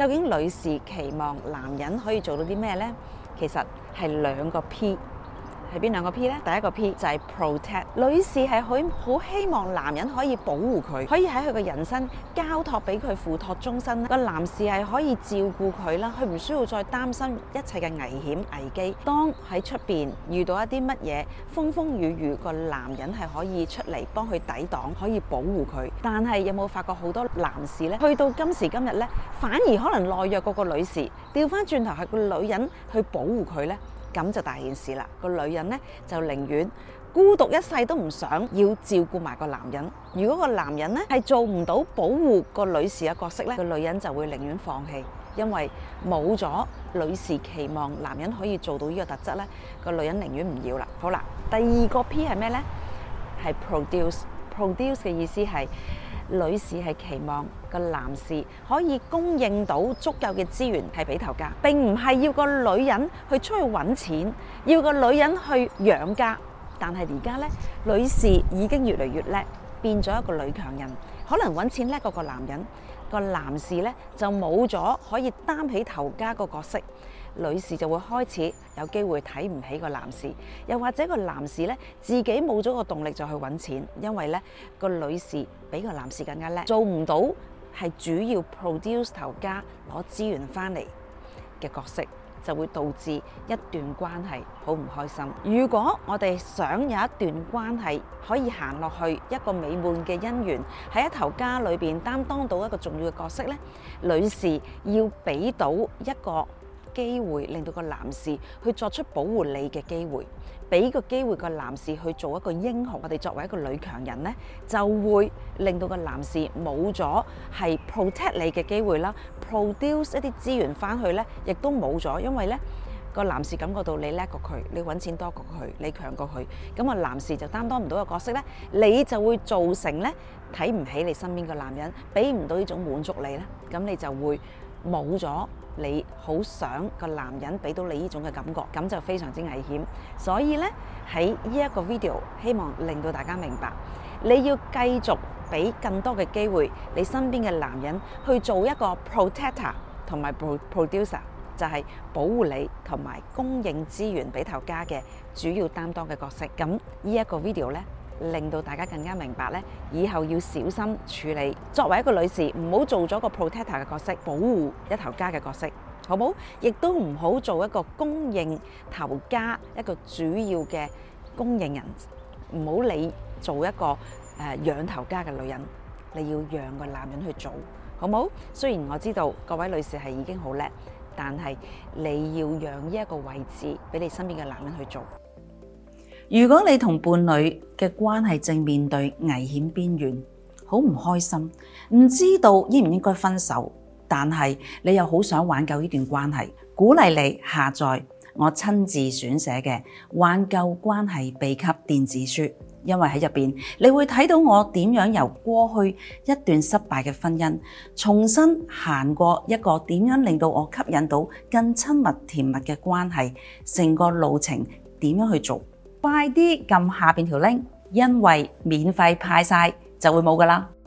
究竟女士期望男人可以做到啲咩咧？其實係兩個 P。係邊兩個 P 呢？第一個 P 就係 protect，女士係佢好希望男人可以保護佢，可以喺佢嘅人生交託俾佢，付託終身。個男士係可以照顧佢啦，佢唔需要再擔心一切嘅危險危機。當喺出邊遇到一啲乜嘢風風雨雨，個男人係可以出嚟幫佢抵擋，可以保護佢。但係有冇發覺好多男士呢？去到今時今日呢，反而可能懦弱過個女士，調翻轉頭係個女人去保護佢呢。咁就大件事啦！個女人呢就寧願孤獨一世都唔想要照顧埋個男人。如果個男人呢係做唔到保護個女士嘅角色呢，個女人就會寧願放棄，因為冇咗女士期望男人可以做到呢個特質呢，個女人寧願唔要啦。好啦，第二個 P 係咩呢？係 produce，produce 嘅意思係。女士係期望個男士可以供應到足夠嘅資源係俾頭家，並唔係要個女人去出去揾錢，要個女人去養家，但係而家呢，女士已經越嚟越叻，變咗一個女強人。可能揾錢叻過個男人，個男士呢就冇咗可以擔起頭家個角色，女士就會開始有機會睇唔起個男士，又或者個男士呢自己冇咗個動力就去揾錢，因為呢個女士比個男士更加叻，做唔到係主要 produce 頭家攞資源翻嚟嘅角色。就會導致一段關係好唔開心。如果我哋想有一段關係可以行落去一個美滿嘅姻緣，喺一頭家裏邊擔當到一個重要嘅角色呢，女士要俾到一個機會令到個男士去作出保護你嘅機會，俾個機會個男士去做一個英雄。我哋作為一個女強人呢，就會令到個男士冇咗係 protect 你嘅機會啦，produce 一啲資源翻去呢，亦都冇咗，因為呢個男士感覺到你叻過佢，你揾錢多過佢，你強過佢，咁啊男士就擔當唔到個角色呢，你就會造成呢睇唔起你身邊個男人，俾唔到呢種滿足你呢，咁你就會冇咗。你好想個男人俾到你呢種嘅感覺，咁就非常之危險。所以呢，喺呢一個 video，希望令到大家明白，你要繼續俾更多嘅機會你身邊嘅男人去做一個 protector 同埋 producer，就係保護你同埋供應資源俾頭家嘅主要擔當嘅角色。咁呢一個 video 呢，令到大家更加明白咧，以後要小心處理。作為一個女士，唔好做咗個 protector 嘅角色，保護一頭家嘅角色，好唔好？亦都唔好做一個供應頭家一個主要嘅供應人，唔好你做一個誒養、呃、頭家嘅女人。你要讓個男人去做，好唔好？雖然我知道各位女士係已經好叻，但係你要讓呢一個位置俾你身邊嘅男人去做。如果你同伴侶嘅關係正面對危險邊緣，好唔開心，唔知道應唔應該分手，但係你又好想挽救呢段關係，鼓勵你下載我親自選寫嘅《挽救關係秘笈》電子書，因為喺入面，你會睇到我點樣由過去一段失敗嘅婚姻，重新行過一個點樣令到我吸引到更親密甜蜜嘅關係，成個路程點樣去做。快啲撳下面條 link，因為免費派曬就會冇㗎喇～